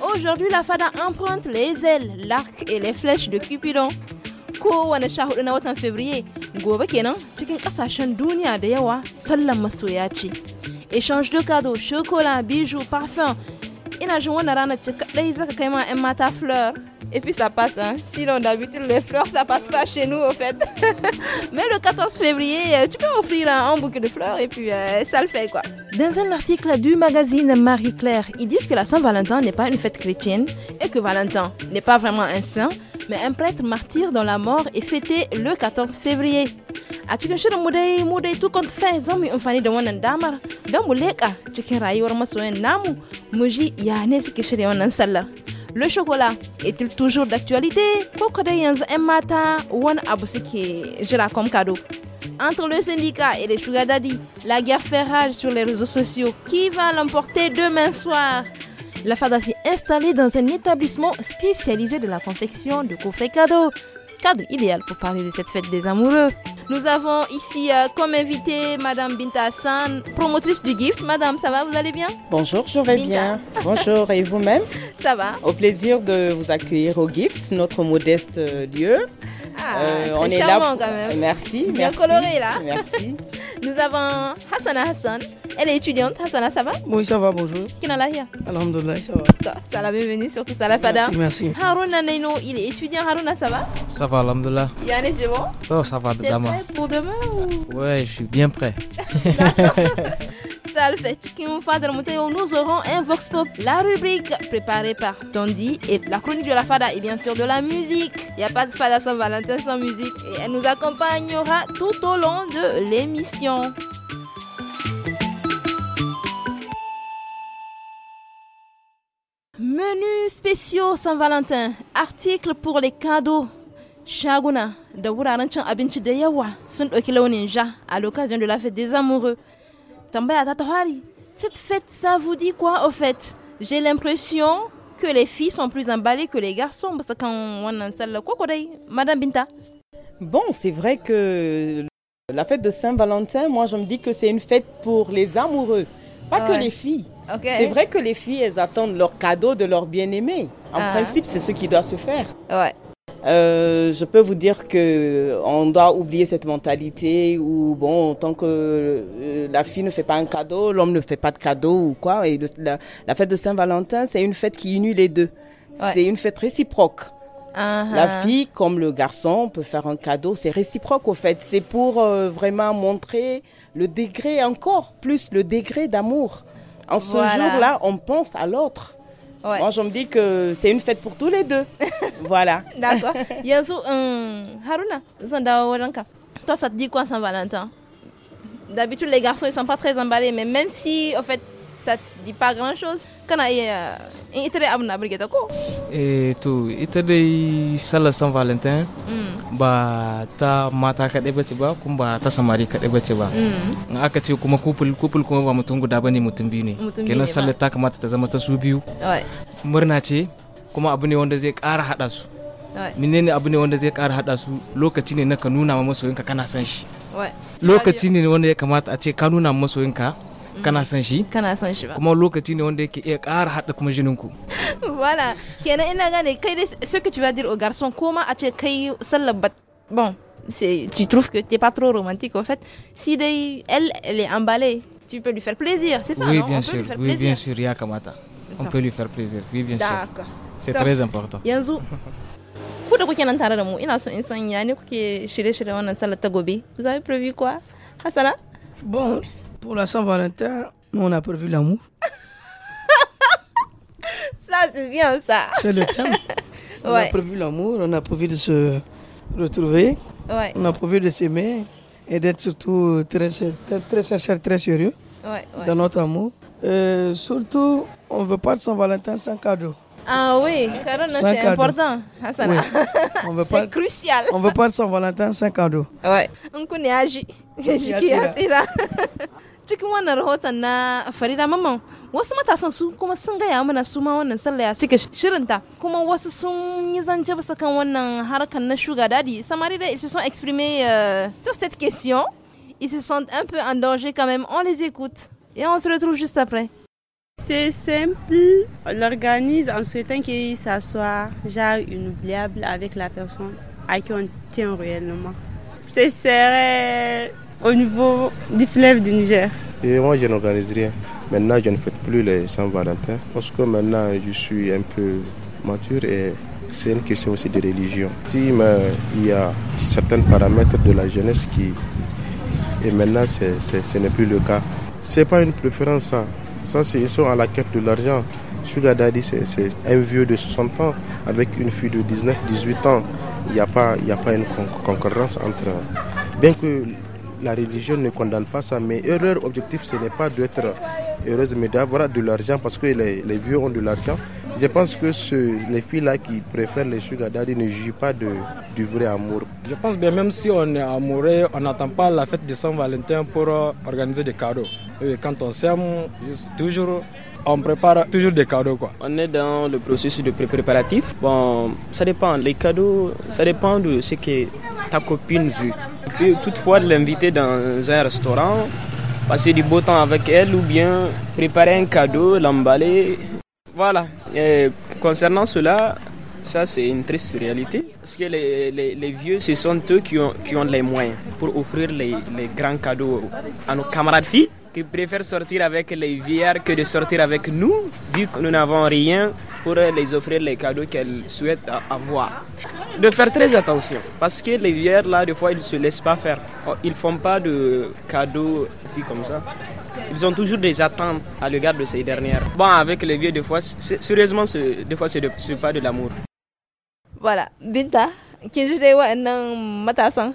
Aujourd'hui la fada emprunte les ailes, l'arc et les flèches de Cupidon. Kowane sha hudu na watan gobe kenan cikin kasashen duniya da yawa sallan masoya ce. Échange de cadeaux, chocolat, bijoux, parfum. Ina jin wannan ranar ce kadai zaka kai ma 'yan mata fleur. Et puis ça passe. Hein. Sinon, d'habitude, les fleurs, ça passe pas chez nous, au fait. Mais le 14 février, euh, tu peux offrir hein, un, bouquet de fleurs et puis euh, ça le fait, quoi. Dans un article du magazine Marie-Claire, ils disent que la Saint-Valentin n'est pas une fête chrétienne et que Valentin n'est pas vraiment un saint mais un prêtre martyr dans la mort est fêté le 14 février. A le chocolat est-il toujours d'actualité Pourquoi matin comme cadeau Entre le syndicat et les sugar la guerre fait rage sur les réseaux sociaux. Qui va l'emporter demain soir La fada s'est installée dans un établissement spécialisé de la confection de coffrets cadeaux cadre idéal pour parler de cette fête des amoureux. Nous avons ici euh, comme invité Madame Binta Hassan, promotrice du gift. Madame, ça va, vous allez bien Bonjour, je vais bien. Bonjour, et vous-même Ça va. Au plaisir de vous accueillir au gift, notre modeste euh, lieu. Ah, euh, on est là. Quand même. Merci. Bien merci, coloré là. Merci. Nous avons Hassana Hassan. Elle est étudiante. Hassana, ça va Oui, ça va, bonjour. Kinalahia. hier ça va. Salam, bienvenue sur tout Fada. Merci, merci. Haruna Naino, il est étudiant. Haruna, ça va Ça va, Alhamdoulilah. Yannis, c'est bon Ça, ça va, demain. prêt pour demain Ouais, je suis bien prêt. nous aurons un Vox Pop, la rubrique préparée par Tandy et la chronique de la Fada et bien sûr de la musique. Il n'y a pas de Fada sans Valentin, sans musique et elle nous accompagnera tout au long de l'émission. Menu spéciaux Saint-Valentin, article pour les cadeaux. Shaguna, de sont à l'occasion de la fête des amoureux cette fête, ça vous dit quoi au fait J'ai l'impression que les filles sont plus emballées que les garçons parce qu'on a salle quoi Madame Binta. Bon, c'est vrai que la fête de Saint-Valentin, moi je me dis que c'est une fête pour les amoureux, pas que ah les filles. C'est vrai que les filles, elles attendent leur cadeau de leur bien-aimé. En ah. principe, c'est ce qui doit se faire. Ouais. Euh, je peux vous dire que on doit oublier cette mentalité où bon, tant que euh, la fille ne fait pas un cadeau, l'homme ne fait pas de cadeau ou quoi. Et la, fête de Saint-Valentin, c'est une fête qui unit les deux. C'est une fête réciproque. Ah, la ah. fille comme le garçon peut faire un cadeau, c'est réciproque au fait. C'est pour euh, vraiment montrer le degré encore plus le degré d'amour. En ce jour-là, on pense à l'autre. Moi, je me dis que c'est une fête pour tous les deux. voilà. D'accord. un euh, Haruna, Zandawaranka, toi, ça te dit quoi Saint-Valentin D'habitude, les garçons, ils sont pas très emballés, mais même si, en fait, ça te dit pas grand-chose, kana iya in ita dai abin na birge ta ko eh to ita dai sallar san valentine hmm. ba ta mata kaɗai bace ba kuma ba ta samari kaɗai bace ba in hmm. aka ce kuma kupul kupul kuma ba mutum guda ne. mutum biyu ne kenan sallar ta kamata ta zama ta su biyu murna ce kuma abu ne wanda zai ƙara haɗa su menene abu ne wanda zai ƙara haɗa su lokaci ne na ka nuna ma masoyinka kana son shi lokaci ne wanda ya kamata a ce ka nuna masoyinka Mm. kana san shi kana san shi ba kuma lokaci ne wanda yake iya ƙara haɗa kuma jinin ku wala kenan ina gane kai dai ce que tu vas dire au garçon comment a ce kai sallar bon c'est tu trouves que t'es pas trop romantique en fait si dai elle elle est emballée tu peux lui faire plaisir c'est ça oui bien On sûr peut lui faire oui plaisir. bien sûr ya kamata on peut lui faire plaisir oui bien sûr d'accord c'est très important yanzu ku da kuke nan tare da mu ina so in san ya ne kuke shirye-shirye wannan sallar ta gobe vous avez prévu quoi hasana bon pour la Saint-Valentin, nous, on a prévu l'amour. ça, c'est bien ça. C'est le thème. On a prévu l'amour, on a prévu de se retrouver. On a prévu de s'aimer et d'être surtout très, très, sincère, très sérieux dans notre amour. Euh, surtout, on ne veut pas de Saint-Valentin sans cadeau. Ah oui, car c'est important. Ah, oui. c'est crucial. On veut pas de Saint-Valentin sans cadeau. Ouais. On connaît Agi. qui est cikin wannan rahoton na farira mamman wasu matasan sun kuma sun gaya mana su ma wannan sallah ya suke shirinta kuma wasu sun yi zance bisa kan wannan harkar na sugar daddy. samari da ils se sont exprimés euh, sur cette question ils se sentent un peu en danger quand même on les écoute et on se retrouve juste après C'est simple, on l'organise en souhaitant qu'il s'assoie, genre inoubliable avec la personne à qui on tient réellement. Ce serait au niveau du fleuve du Niger. Et moi, je n'organise rien. Maintenant, je ne fête plus les Saint-Valentin parce que maintenant, je suis un peu mature et c'est une question aussi de religion. Si, mais il y a certains paramètres de la jeunesse qui. Et maintenant, ce n'est plus le cas. Ce n'est pas une préférence, ça. Ça, ils sont à la quête de l'argent. Sugar Daddy, c'est un vieux de 60 ans avec une fille de 19-18 ans. Il n'y a, pas, il y a pas une concurrence entre. Bien que la religion ne condamne pas ça, mais leur objectif, ce n'est pas d'être heureuse, mais d'avoir de l'argent parce que les, vieux ont de l'argent. Je pense que les filles-là qui préfèrent les sugar daddy ne jouent pas du vrai amour. Je pense bien, même si on est amoureux, on n'attend pas la fête de Saint-Valentin pour organiser des cadeaux. quand on s'aime, toujours on prépare toujours des cadeaux. Quoi. On est dans le processus de préparatif. Bon, ça dépend. Les cadeaux, ça dépend de ce que ta copine veut peut toutefois l'inviter dans un restaurant, passer du beau temps avec elle ou bien préparer un cadeau, l'emballer. Voilà. Et concernant cela, ça c'est une triste réalité. Parce que les, les, vieux, ce sont eux qui ont, qui ont les moyens pour offrir les, les grands cadeaux à nos camarades filles qui préfèrent sortir avec les vieillards que de sortir avec nous, vu que nous n'avons rien pour les offrir les cadeaux qu'elles souhaitent avoir de faire très attention parce que les vieux, là, des fois, ils ne se laissent pas faire. Oh, ils ne font pas de cadeaux, comme ça. Ils ont toujours des attentes à l'égard de ces dernières. Bon, avec les vieux, des fois, sérieusement, des fois, c'est pas de l'amour. Voilà, Binta, qui je matasan.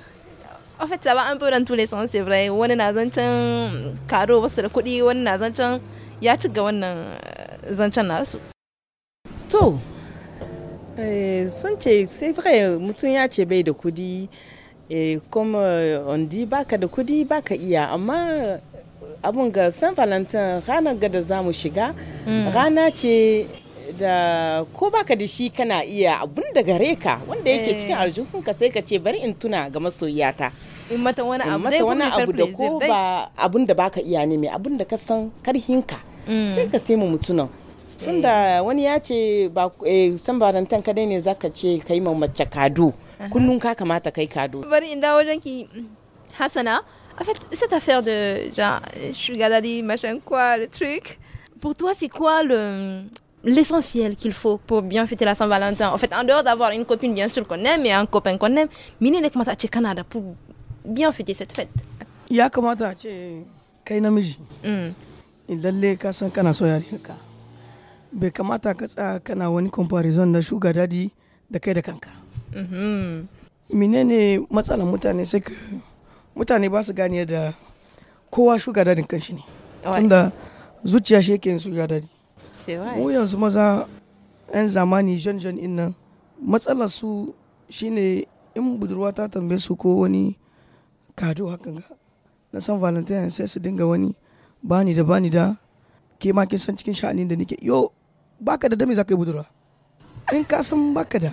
En fait, ça va un peu dans tous les sens, c'est vrai. On est un cadeau, parce que le on est dans un ya ci wannan zancen To, Eh, sun ce sai vrai mutum ya ce bai da kudi kuma eh, eh, ondi baka da kudi baka iya amma abun ga san valentin ranar ga da zamu shiga mm. rana ce da ko baka da shi kana iya abun da gare ka wanda yake cikin aljihunka sai ka ce bari in tuna ga masoyata in mata wani abu da ko ba abun da baka iya ne mai abun da ka san karhinka mm. sai ka sai mu mutunan tunda eh. wani ya ce ba eh, san barantan kadai ne zaka ce kai ma mace kado kullun ka kamata kai kado bari in dawo wajenki Hassana en fait cette affaire de genre sugar daddy machin quoi le truc pour toi c'est quoi le l'essentiel qu'il faut pour bien fêter la Saint-Valentin en fait en dehors d'avoir une copine bien sûr qu'on aime et un copain qu'on aime mine ne kamata ce Canada pour bien fêter cette fête ya kamata ce kai namiji hmm. in lalle ka san kana so yarinka bai kamata ka tsaya kana wani comparison na shuga dadi da kai da kanka mhm. menene matsalan mutane sai ka mutane ba su gane da kowa shuga dadin kanshi ne tunda zuciya shi yake yin shuga dadi mu yanzu maza 'yan zamani jan jan nan matsalar su shine in budurwa ta tambaye su ko wani kado hakan ga na san valentine sai su dinga wani bani da bani da ke ma san cikin sha'anin da nake yo baka da dami za ka yi budurwa in ka san baka da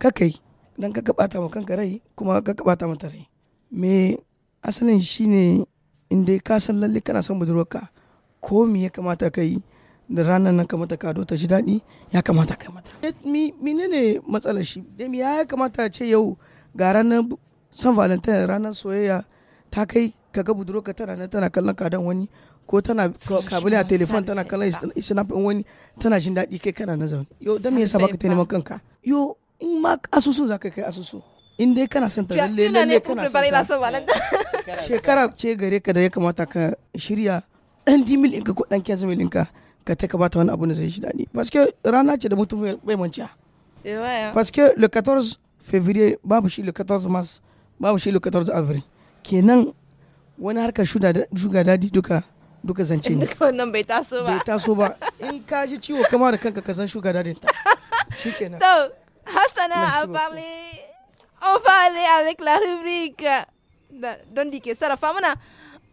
kakai dan ka kaɓata ma kanka rai kuma ka kaɓata mata rai me asalin shine in dai ka san lalle kana son budurwarka ko me ya kamata ka yi da ranar nan kamata ka ta shi daɗi ya kamata ka mata eh, ne matsalar shi ya kamata ce yau ga ranar san valentine ranar soyayya ta kai ka budurwarka tana tana kallon kadan wani ko tana kabila a telefon tana kallon na in wani tana jin daɗi kai kana na zaune yo dan me yasa baka ta neman kanka yo in ma asusun ka kai asusu in dai kana son ta lalle lalle kana son ta shekara ce gare ka da ya kamata ka shirya ɗan dimil ɗinka ko ɗan kyansa milinka ka ta ka bata wani abu da zai shi daɗi paske rana ce da mutum bai manciya eh, paske le 14 fevrier babu shi le 14 mars babu shi le 14 avril kenan wani harkar shuga dadi duka duka zance ne duka wannan bai taso ba bai taso ba in ka ji ciwo kama da kanka ka san shuga dadin ta shikenan to hasana a parlé on va aller avec la rubrique don d'Ondike Sarafa mana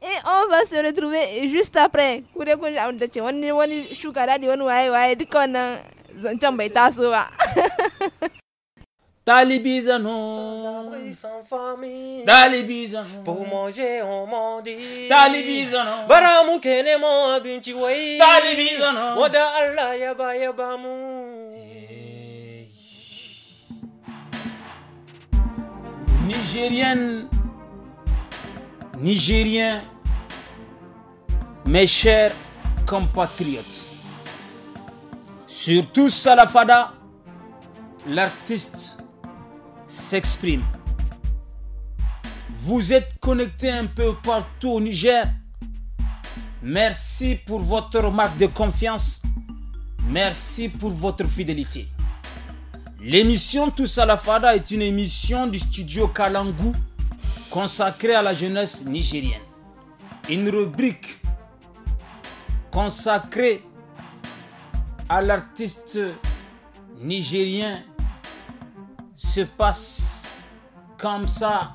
et on va se retrouver juste après kure kun ji abin da ce wani wani shuga dadi wani waye waye duka wannan zancen bai taso ba Sans sans famille. Pour manger, on mendie. bara abinti wai. Allah yaba Nigérienne, Nigérien, mes chers compatriotes, surtout Salafada, l'artiste s'exprime. Vous êtes connecté un peu partout au Niger. Merci pour votre marque de confiance. Merci pour votre fidélité. L'émission Tous à la Fada est une émission du studio Kalangu consacrée à la jeunesse nigérienne. Une rubrique consacrée à l'artiste nigérien se passe comme ça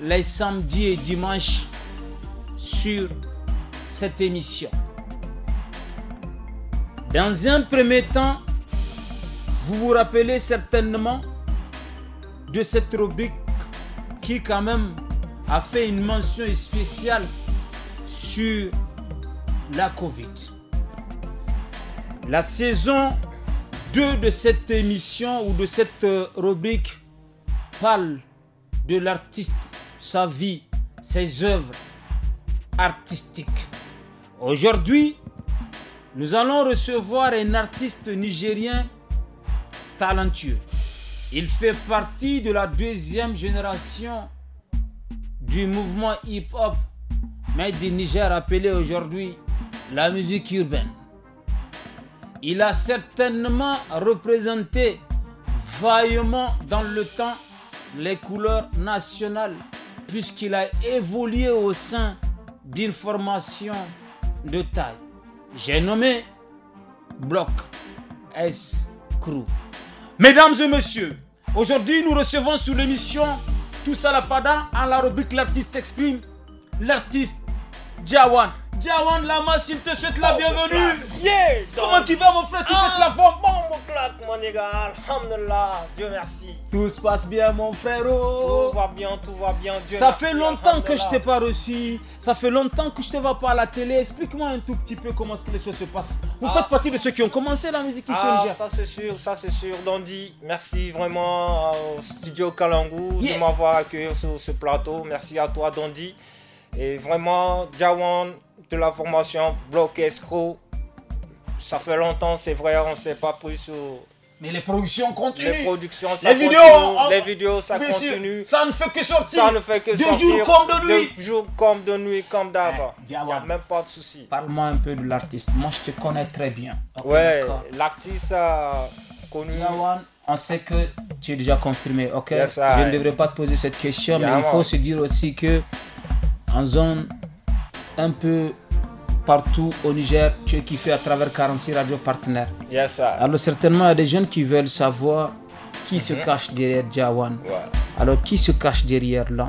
les samedis et dimanches sur cette émission. Dans un premier temps, vous vous rappelez certainement de cette rubrique qui quand même a fait une mention spéciale sur la Covid. La saison deux de cette émission ou de cette euh, rubrique parlent de l'artiste, sa vie, ses œuvres artistiques. Aujourd'hui, nous allons recevoir un artiste nigérien talentueux. Il fait partie de la deuxième génération du mouvement hip-hop, mais in Niger appelé aujourd'hui la musique urbaine. Il a certainement représenté vaillamment dans le temps les couleurs nationales, puisqu'il a évolué au sein d'une formation de taille. J'ai nommé Bloc S. Crew. Mesdames et messieurs, aujourd'hui nous recevons sous l'émission Tous la Fada en la rubrique L'artiste s'exprime, l'artiste Jawan. Jawan Lama il te souhaite la oh, bienvenue. Comment tu vas, mon frère Tu ah, de la ah, forme Bon, mon claque, mon Alhamdulillah, Dieu merci. Tout se passe bien, mon frère. Oh. Tout va bien, tout va bien, Dieu Ça fait longtemps que je t'ai pas reçu. Ça fait longtemps que je te vois pas à la télé. Explique-moi un tout petit peu comment les choses se passent. Vous ah. faites partie de ceux qui ont commencé la musique ici ah, Ça, c'est sûr, ça, c'est sûr. Dandy, merci vraiment au studio Kalangu de m'avoir accueilli sur ce plateau. Merci à toi, Dandy. Et vraiment, Jawan, de la formation Bloc Escrow. Ça fait longtemps, c'est vrai, on ne s'est pas pris sur. Mais les productions continuent. Les productions, ça les Vidéos, Les vidéos, ça continue. ça ne fait que sortir. Ça ne fait que comme de nuit. comme de eh, nuit, comme d'avant. Il n'y a même pas de souci. Parle-moi un peu de l'artiste. Moi, je te connais très bien. ouais, l'artiste a connu. on sait que tu es déjà confirmé. Ok. je ne devrais pas te poser cette question, mais il faut se dire aussi que en zone un peu partout au Niger, tu es kiffé à travers 46 radios partenaires. Alors certainement, il y a des jeunes qui veulent savoir qui se mhm. cache derrière Jawan. Alors qui se cache derrière l'homme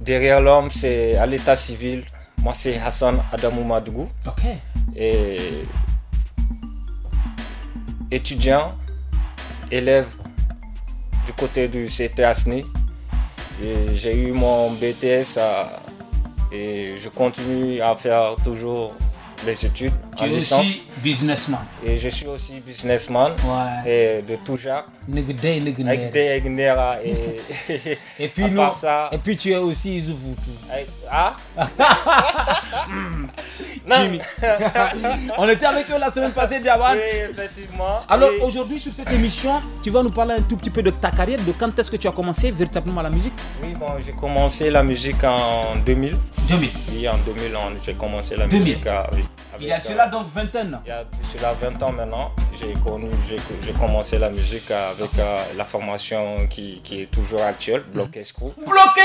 Derrière l'homme, c'est à l'état civil. Moi, c'est Hassan Adamou Madougou. Ok. Et étudiant, élève du côté du CT Asni. J'ai eu mon BTS à et je continue à faire toujours des études. Tu en licence. businessman. Et je suis aussi businessman. Ouais. Et de tout genre. Et, et puis nous, Et puis tu es aussi vous Ah Jimmy. On était avec eux la semaine passée, Diawan. effectivement. Alors aujourd'hui, sur cette émission, tu vas nous parler un tout petit peu de ta carrière, de quand est-ce que tu as commencé véritablement la musique Oui, bon, j'ai commencé la musique en 2000. 2000 Oui, en 2000, j'ai commencé la musique. Ah, il y a euh, cela donc 20 ans Il y a cela 20 ans maintenant. J'ai connu, j'ai commencé la musique euh, avec euh, la formation qui, est toujours actuelle, mhm. Block Escrew.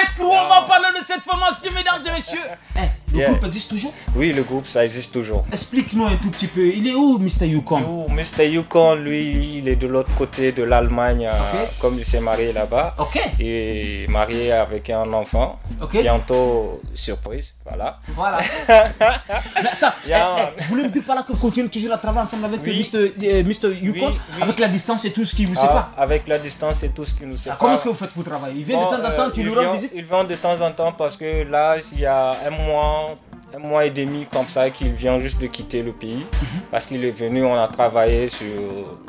Escrew, on va parler de cette formation, mesdames et messieurs. Le groupe existe toujours Oui, le groupe, ça existe toujours. Explique-nous un tout petit peu. Il est où, Mr. Yukon oh, Mr. Yukon, lui, il est de l'autre côté de l'Allemagne, euh, comme il s'est marié là-bas. Ok. Il est marié avec un enfant. Ok. Bientôt, surprise, voilà. Voilà. attends, eh, eh, vous voulez me dire pas là que vous continuez toujours à travailler ensemble avec Mr. Eh, Yukon Avec la distance et tout ce qui vous sépare ah, Avec la distance et tout ce qui nous sépare. Ah, comment est-ce que vous faites pour travailler Il vient de temps en temps, euh, tu lui rends visite Il vient de temps en temps parce que là, il y a un mois, 안녕. 어, un mois et demi comme ça qu'il vient juste de quitter le pays. Mhm. Parce qu'il est venu, on a travaillé sur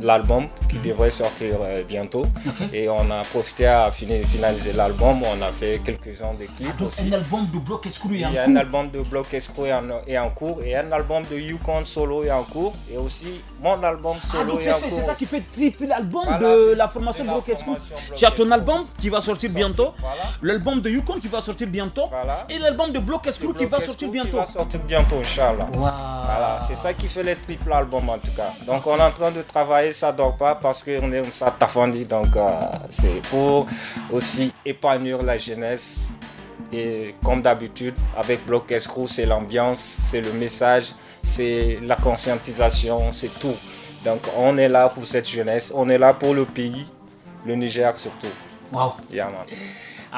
l'album qui mhm. devrait sortir euh, bientôt. Et on a profité à finaliser l'album. On a fait quelques-uns de clips ah, donc Un album de Block Screw et en cours. Un album de bloc escro et en, cours. Et un album de Yukon solo est en cours. Et aussi mon album ah, solo C'est ça qui fait triple l'album de la formation de bloc Tu as ton album qui va sortir, bientôt. L'album de Yukon qui va sortir bientôt. Et l'album de Block Screw qui va sortir bientôt bientôt, Inch'Allah. Voilà, c'est ça qui fait les triple albums en tout cas. Donc on est en train de travailler, ça dort pas parce qu'on est ça tafandi. Donc euh, c'est pour aussi épanouir la jeunesse. Et comme d'habitude, avec Block Escrew, c'est l'ambiance, c'est le message, c'est la conscientisation, c'est tout. Donc on est là pour cette jeunesse, on est là pour le pays, le Niger surtout. Wow.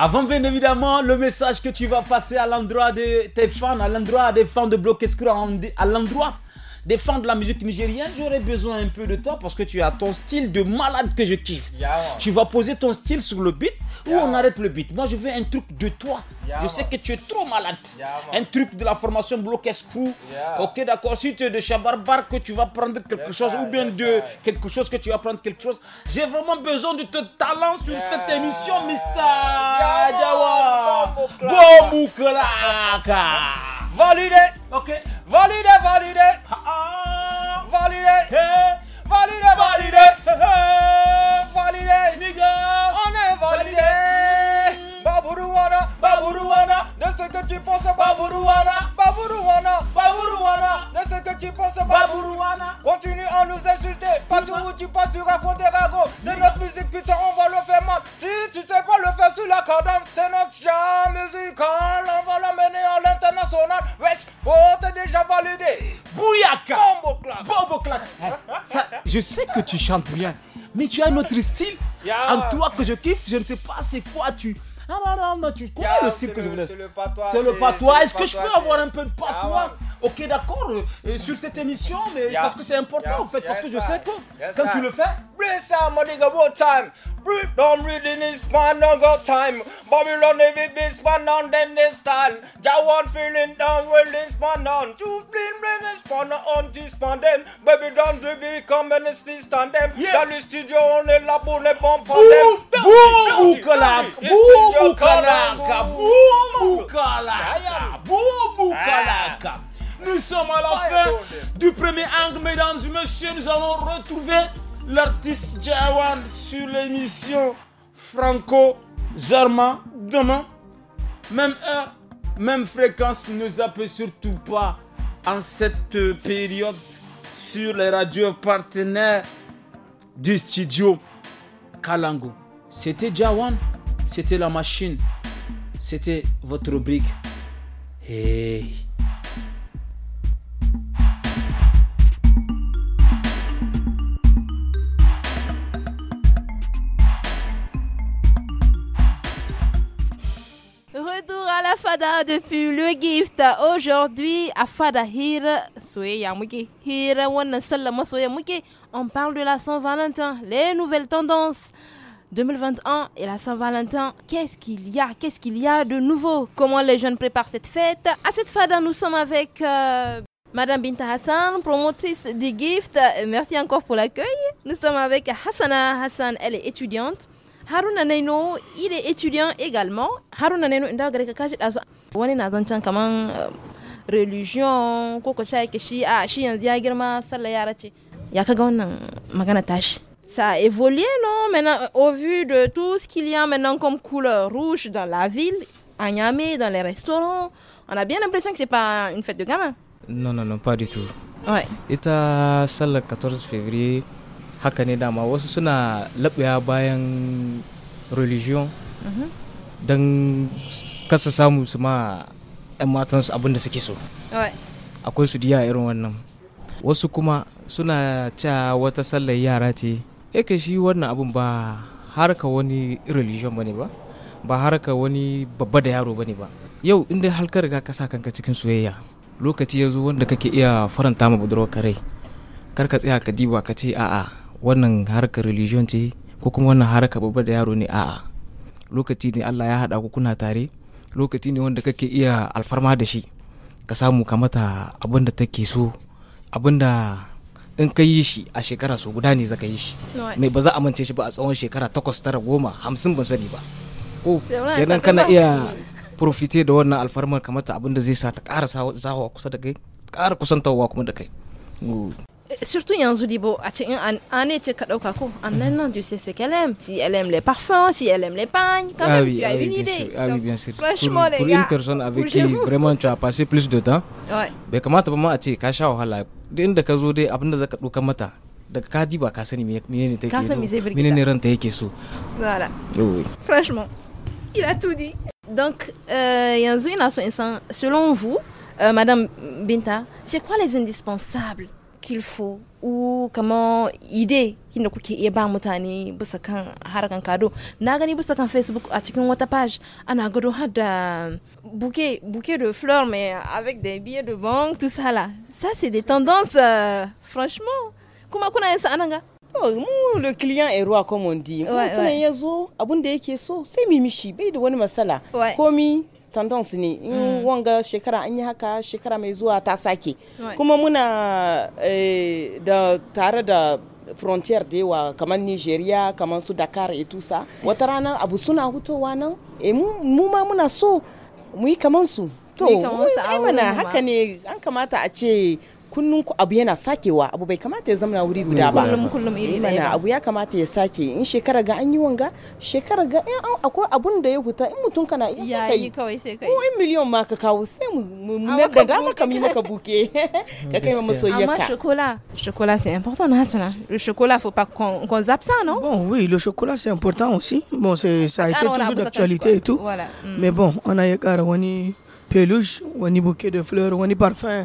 Avant, bien évidemment, le message que tu vas passer à l'endroit de tes fans, à l'endroit des fans de Bloquescura, à l'endroit défendre la musique nigérienne, j'aurais besoin un peu de toi parce que tu as ton style de malade que je kiffe. Tu vas poser ton style sur le beat ou on arrête le beat. Moi, je veux un truc de toi. je sais que tu es trop malade. un truc de la formation Block Crew. Ok, d'accord. Si tu es de barbare, que tu vas prendre quelque chose ou bien de quelque chose que tu vas prendre quelque chose. J'ai vraiment besoin de ton talent sur cette émission, Mister Validé. Ok. Validé, validé. Ah, Validé. Hey. Validé, validé. Validé. Nigga. On est validé. Baburuana, Baburuana. Ne sais que tu penses, Baburuana. Baburuana, Baburuana. Ne sais que tu penses, Baburuana. Continue à nous insulter. Partout où tu passes, tu racontes des ragots. C'est notre musique, putain, on va le faire mal. Si tu sais pas le faire sur la cadence. Je sais que tu chantes bien, mais tu as un autre style en toi que je kiffe. Je ne sais pas c'est quoi tu. Ah non, non, non, tu le style que je voulais. C'est le patois. C'est le patois. Est-ce que je peux avoir un peu de patois ok, d'accord, euh, sur cette émission, mais yeah. parce que c'est important yeah. en fait, parce que je sais que yes, quand tu le fais. Bless out, my nigga, what time? Breathe don't really need span no got time. Babylon, every this span on, then they time. Jah one feeling down, well, this span on. Choose bring, bring this man on, to span them. Baby, don't do become an stand them. Yeah. Dans le studio, on est là pour les bons fans. Boum, boukalaka, boum, boukalaka, boum, boukalaka, boum, boukalaka. Nous sommes à la fin du premier angle, mesdames et messieurs. Nous allons retrouver l'artiste Jawan sur l'émission Franco Zerma. demain. Même heure, même fréquence. Ne zappez surtout pas en cette période sur les radios partenaires du studio Kalango. C'était Jawan, c'était la machine, c'était votre rubrique. Hey. depuis le gift aujourd'hui à Fada On parle de la Saint-Valentin, les nouvelles tendances. 2021 et la Saint-Valentin, qu'est-ce qu'il y a Qu'est-ce qu'il y a de nouveau Comment les jeunes préparent cette fête À cette fada, nous sommes avec euh, Madame Binta Hassan, promotrice du gift. Merci encore pour l'accueil. Nous sommes avec Hassana Hassan, elle est étudiante haruna naino il est étudiant également haruna naino inda gare ka kashi est wani na zancan kaman eh, religion ko ko shaye ke shi a shi yanzu ya girma sallah yara ce ya kaga wannan magana tashi ça a évolué, non Maintenant, au vu de tout ce qu'il y a maintenant comme couleur rouge dans la ville, à Niamey, dans les restaurants, on a bien l'impression que c'est pas une fête de gamins. Non, non, non, pas du tout. Ouais. Et à salle le 14 février, haka ne dama wasu suna laɓewa bayan religion mhm. don kasa samu su ma 'yan matansu abunda suke so akwai su diya irin wannan wasu kuma suna ca wata sallar yara ce yake shi wannan abin ba harka wani religion ne ba ba harka wani babba da yaro ba ne ba yau inda halkar ga ka sa kanka cikin soyayya lokaci ya zo wanda kake iya faranta ma budurwar karai karka tsaya ka diba ka ce a'a wannan harkar religion ce ko kuma wannan harkar babba da yaro ne a'a lokaci ne Allah ya haɗa ku kuna tare lokaci ne wanda kake iya alfarma da shi ka samu ka mata abin da take so abin da in ka yi shi a shekara so guda ne zaka yi shi mai ba za a mance shi ba a tsawon shekara takwas tara goma hamsin ban sani ba ko kenan kana iya profite da wannan alfarmar kamata abin da zai sa ta ƙara zawa kusa da kai ƙara kusantawa kuma da kai surtout yanzu dibo a un année ce ka dauka ko année non tu sais ce qu'elle aime si elle aime les parfums si elle aime les pagnes quand ah même oui, tu ah as ah une idée ah Donc, oui bien sûr franchement pour, les pour gars, une personne avec qui vous. vraiment tu as passé plus de temps ouais bai kamata ba ma a ce ka sha wahala din da ka zo dai abinda zaka dauka mata daga ka diba ka sani menene take so menene ranta yake so voilà oui. franchement il a tout dit donc euh, yanzu selon vous euh, madame Binta c'est quoi les indispensables qu'il faut ou comment idée kin ne kuke pas ba mutane bisa kan harkan kado na gani bisa kan facebook a cikin wata page ana gado har da bouquet bouquet de fleurs mais avec des billets de banque tout ça là ça c'est des tendances euh, franchement Comment qu'on a sa ananga mu oh, le client est roi comme on dit mutum ya zo abun da yake so sai mi mishi bai da wani masala komi tendance ne in mm. wanga shekara an yi haka shekara mai zuwa ta sake kuma muna eh, da tare da frontier da yawa kamar nigeria kamar su dakar etusa wata rana abu suna hutowa nan eh, mu ma muna so mu yi kamar su to mana haka ne an kamata a ce kullum abu yana sakewa abu bai kamata ya zamana wuri guda ba eh, mana abu ya kamata ya sake in shekara ga an yi wanga shekara ga akwai abun da ya huta in mutum kana iya sai kai sai kai ko in miliyon ma ka kawo sai mu ne da dama ka mi maka buke ka mm, kai mu masoyiyarka amma chocolat chocolat c'est important Natana le chocolat faut pas qu'on qu zappe ça non bon oui le chocolat c'est important aussi bon c'est ça a été toujours d'actualité et tout voilà. Mm. mais bon on a yakara wani peluche wani bouquet de fleurs wani parfum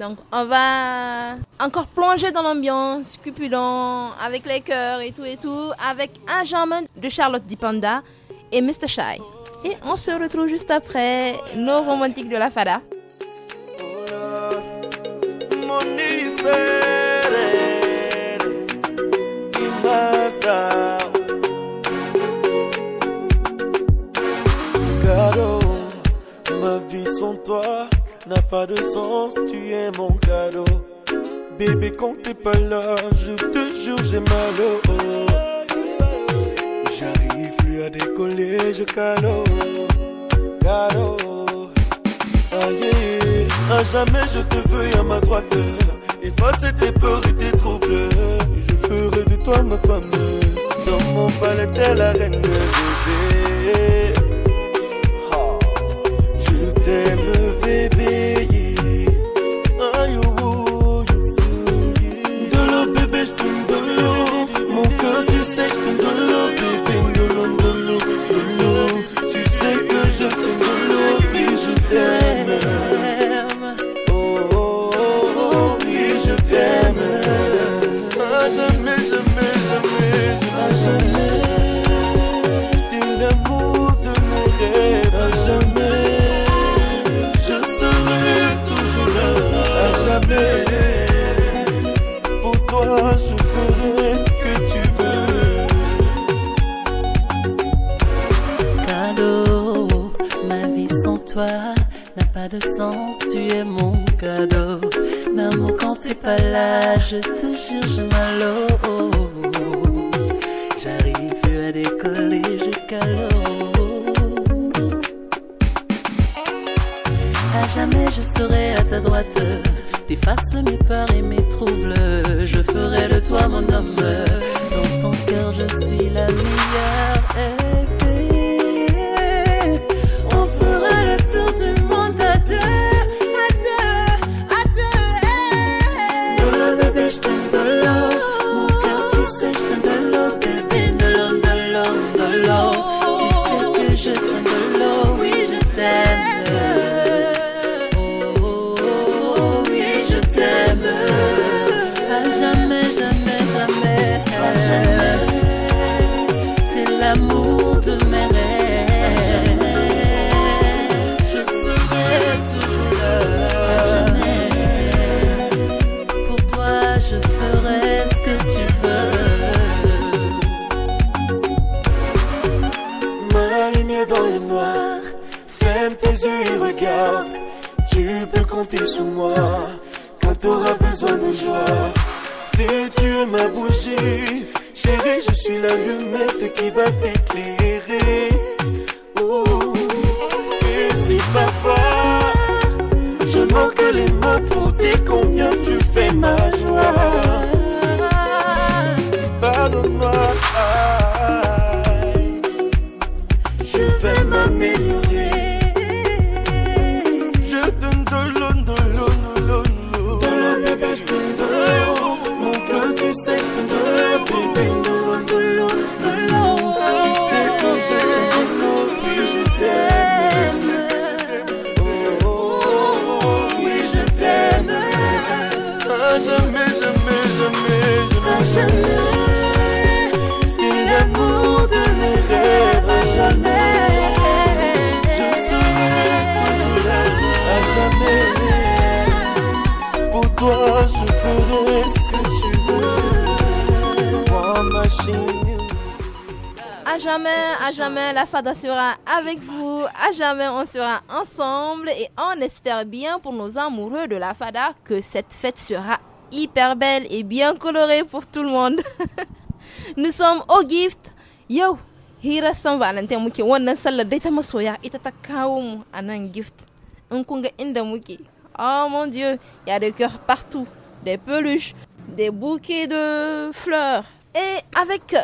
Donc on va encore plonger dans l'ambiance, cupulent avec les cœurs et tout et tout, avec un german de Charlotte Dipanda et Mr. Shy. Et on se retrouve juste après nos romantiques de la Fada. ma vie sans toi n'a pas de sens, tu es mon cadeau. Bébé, quand t'es pas là, je te jure, j'ai mal au J'arrive plus à décoller, je calo. cadeau. Allez, à jamais je te veux à ma droite. Effacer tes peurs et tes troubles. Je ferai de toi ma femme. Dans mon palais, t'es la reine, de bébé. Voilà, là, je te jure, j'ai mal J'arrive plus à décoller, j'ai l'eau À jamais je serai à ta droite. T'effaces mes peurs et mes troubles. Je ferai de toi mon homme. Dans ton cœur, je suis la meilleure. tu peux compter sur moi quand t'auras besoin de joie. C'est Dieu m'a bougé, chérie, je suis la l'allumette qui va t'éclairer. Oh, et si parfois je manque les mots pour dire combien tu fais ma joie. jamais, à jamais, la Fada sera avec vous. À jamais, on sera ensemble. Et on espère bien pour nos amoureux de la Fada que cette fête sera hyper belle et bien colorée pour tout le monde. Nous sommes au gift. Yo, hira San muke wannan sallar dai ta masoya gift. un inda Oh mon Dieu, il y a des cœurs partout, des peluches, des bouquets de fleurs. Et avec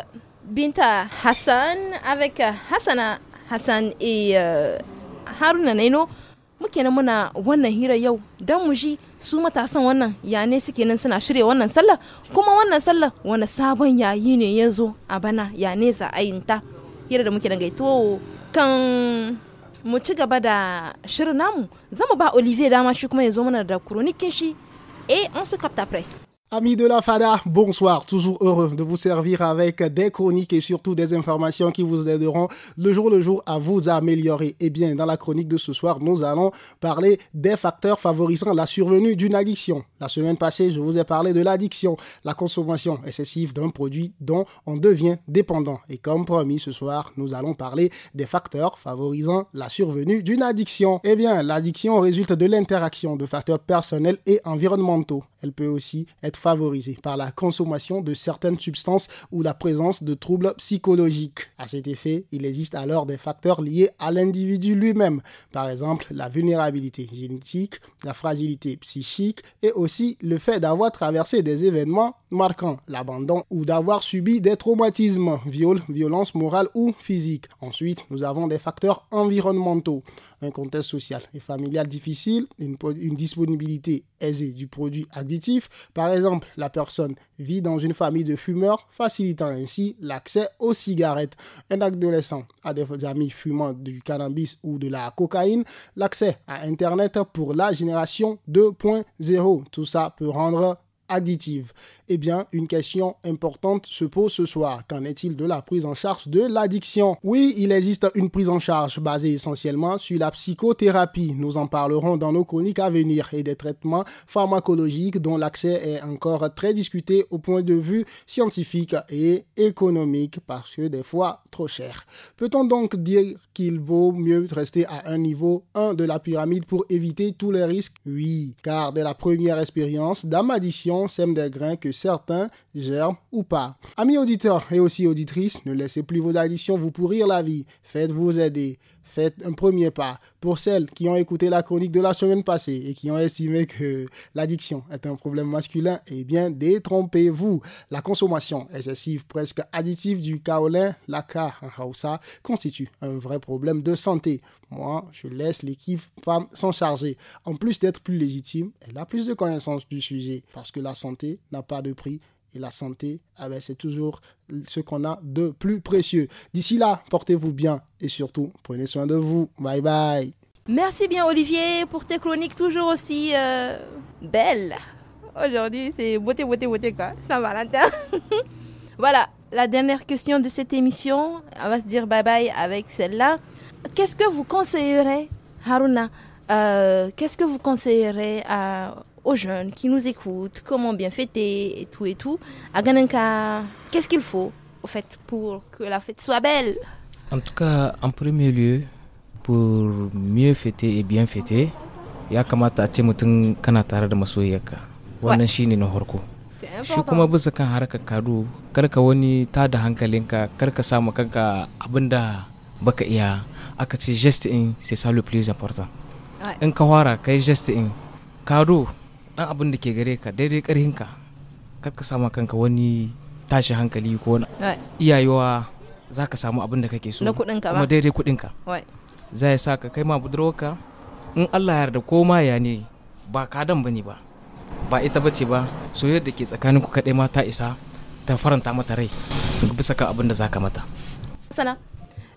Binta Hassan avec euh, Hassana Hassan et euh, Haruna Naino muke nan muna wannan hira yau don mu ji su matasan wannan ya ne suke nan suna shirya wannan sallah kuma wannan sallah wani sabon yayi ne ya zo a bana ya ne za a ta hira da muke nan gaito kan mu ci gaba da shirin namu zama ba olivier dama shi kuma ya zo mana da kuronikin shi et on se capte Amis de la FADA, bonsoir. Toujours heureux de vous servir avec des chroniques et surtout des informations qui vous aideront le jour le jour à vous améliorer. Et eh bien, dans la chronique de ce soir, nous allons parler des facteurs favorisant la survenue d'une addiction. La semaine passée, je vous ai parlé de l'addiction, la consommation excessive d'un produit dont on devient dépendant. Et comme promis, ce soir, nous allons parler des facteurs favorisant la survenue d'une addiction. Eh bien, l'addiction résulte de l'interaction de facteurs personnels et environnementaux. Elle peut aussi être favorisés par la consommation de certaines substances ou la présence de troubles psychologiques. À cet effet, il existe alors des facteurs liés à l'individu lui-même, par exemple la vulnérabilité génétique, la fragilité psychique et aussi le fait d'avoir traversé des événements marquants, l'abandon ou d'avoir subi des traumatismes, viols, violences morales ou physiques. Ensuite, nous avons des facteurs environnementaux un contexte social et familial difficile, une, une disponibilité aisée du produit additif. Par exemple, la personne vit dans une famille de fumeurs, facilitant ainsi l'accès aux cigarettes. Un adolescent a des amis fumant du cannabis ou de la cocaïne, l'accès à Internet pour la génération 2.0. Tout ça peut rendre additive. Eh bien, une question importante se pose ce soir. Qu'en est-il de la prise en charge de l'addiction Oui, il existe une prise en charge basée essentiellement sur la psychothérapie. Nous en parlerons dans nos chroniques à venir et des traitements pharmacologiques dont l'accès est encore très discuté au point de vue scientifique et économique parce que des fois trop cher. Peut-on donc dire qu'il vaut mieux rester à un niveau 1 de la pyramide pour éviter tous les risques Oui, car dès la première expérience d'amadition, sème des grains que certains germent ou pas. Amis auditeurs et aussi auditrices, ne laissez plus vos additions vous pourrir la vie. Faites-vous aider. Faites un premier pas pour celles qui ont écouté la chronique de la semaine passée et qui ont estimé que l'addiction est un problème masculin, Et eh bien, détrompez-vous. La consommation excessive, presque additive du kaolin, l'aka en Hausa, constitue un vrai problème de santé. Moi, je laisse l'équipe femme s'en charger. En plus d'être plus légitime, elle a plus de connaissances du sujet parce que la santé n'a pas de prix et la santé, ah ben, c'est toujours ce qu'on a de plus précieux. D'ici là, portez-vous bien et surtout, prenez soin de vous. Bye bye. Merci bien Olivier pour tes chroniques toujours aussi belle euh, belles. Aujourd'hui, c'est beauté, beauté, beauté quoi. Saint-Valentin. voilà, la dernière question de cette émission. On va se dire bye bye avec celle-là. Qu'est-ce que vous conseillerez, Haruna euh, Qu'est-ce que vous conseillerez à aux jeunes qui nous écoutent comment bien fêter et tout et tout. À Ganenka, qu'est-ce qu'il faut au fait pour que la fête soit belle En tout cas, en premier lieu, pour mieux fêter et bien fêter, ya kamata a ce mutum kana tare da masoyiyarka wannan shine na harko shi kuma bisa kan harkar kado karka wani ta da hankalinka karka samu kanka abinda baka iya aka ce geste in c'est ça le plus important in ka hara kai geste in kado dan abin da ke gare ka daidai karhinka kar ka sama kanka wani tashi hankali ko na iyayewa za ka samu abin da kake so kuma daidai ka za ya sa ka kai ma budurwarka in Allah ya yarda ko ma ya ne ba kadan bane ba ba ita bace ba soyayyar da ke tsakanin ku kadai ma ta isa ta faranta mata rai bisa kan abin da za ka mata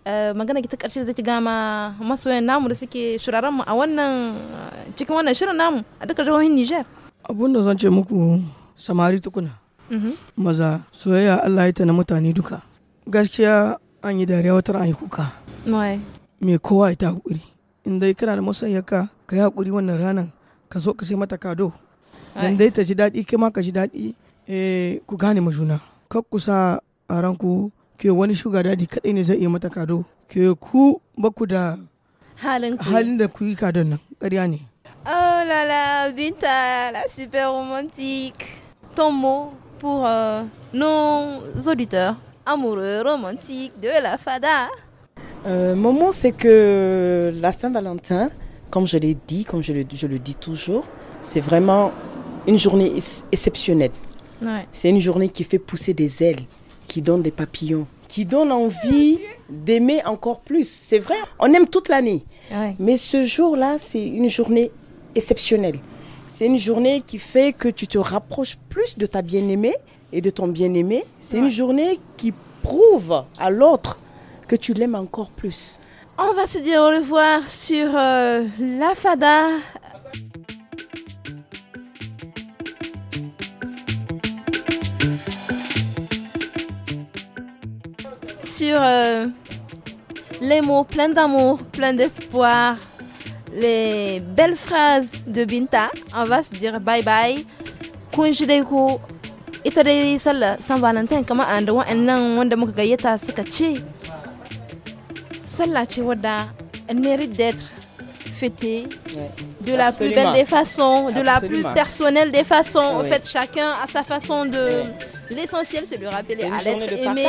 Eh, magana ta karshe zai ga gama masoyan namu da suke shirarren mu a wannan cikin wannan shirin namu a duka jihohin Niger abun da zan ce muku samari tukuna mhm. maza soyayya Allah ya na mutane duka gaskiya an yi dariya wata an yi kuka me kowa ya ta hakuri in dai kana da masoyarka ka yi hakuri wannan ranar ka zo ka sai mata kado dan dai ta ji daɗi kai ma ka ji daɗi eh ku gane ma juna kar ku sa a ranku Que oh la super romantique ton mot pour euh, nos auditeurs amoureux romantiques de la fada euh, mon mot c'est que la Saint Valentin comme je l'ai dit comme je le, dis toujours c'est vraiment une journée exceptionnelle c'est une journée qui fait pousser des ailes qui donne des papillons, qui donne envie d'aimer encore plus. C'est vrai, on aime toute l'année. Mais ce jour-là, c'est une journée exceptionnelle. C'est une journée qui fait que tu te rapproches plus de ta bien-aimée et de ton bien-aimé. C'est une journée qui prouve à l'autre que tu l'aimes encore plus. On va se dire au revoir sur euh, la Fada sur euh, les mots pleins d'amour, pleins d'espoir, les belles phrases de Binta. On va se dire bye bye. Kunjideko. Ita dai sallah San Valentin kama ando da wa'annan wanda muka gayyata suka ce. Sallah ce wadda elle mérite d'être fêter de la plus belle des façons, de la plus personnelle des façons. En fait, chacun a sa façon de. L'essentiel, c'est de rappeler à l'être aimé,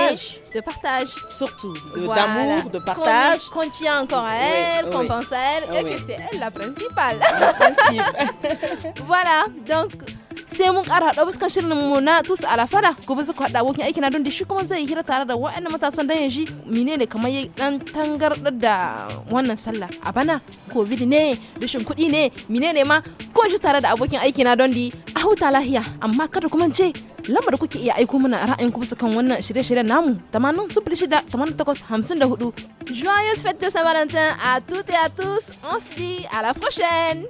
de partage. Surtout, d'amour, de, partage. Qu'on tient encore à elle, qu'on pense à elle, et que c'est elle la principale. La principale. voilà, donc sai mun ƙara haɗa fuskan shirin mu na tusa alafada gobe zai ku haɗa abokin aiki na don shi kuma zai hira tare da waɗannan matasan dan yaji menene kamar yayi dan tangarɗar da wannan sallah a bana covid ne rashin kuɗi ne menene ma ko shi tare da abokin aiki na don di a huta lahiya amma kada kuma ce lambar kuke iya aiko mana ra'ayin ku bisa kan wannan shirye-shiryen namu 86 Joyeuse fête de Saint-Valentin à toutes et à tous. On se dit à la prochaine.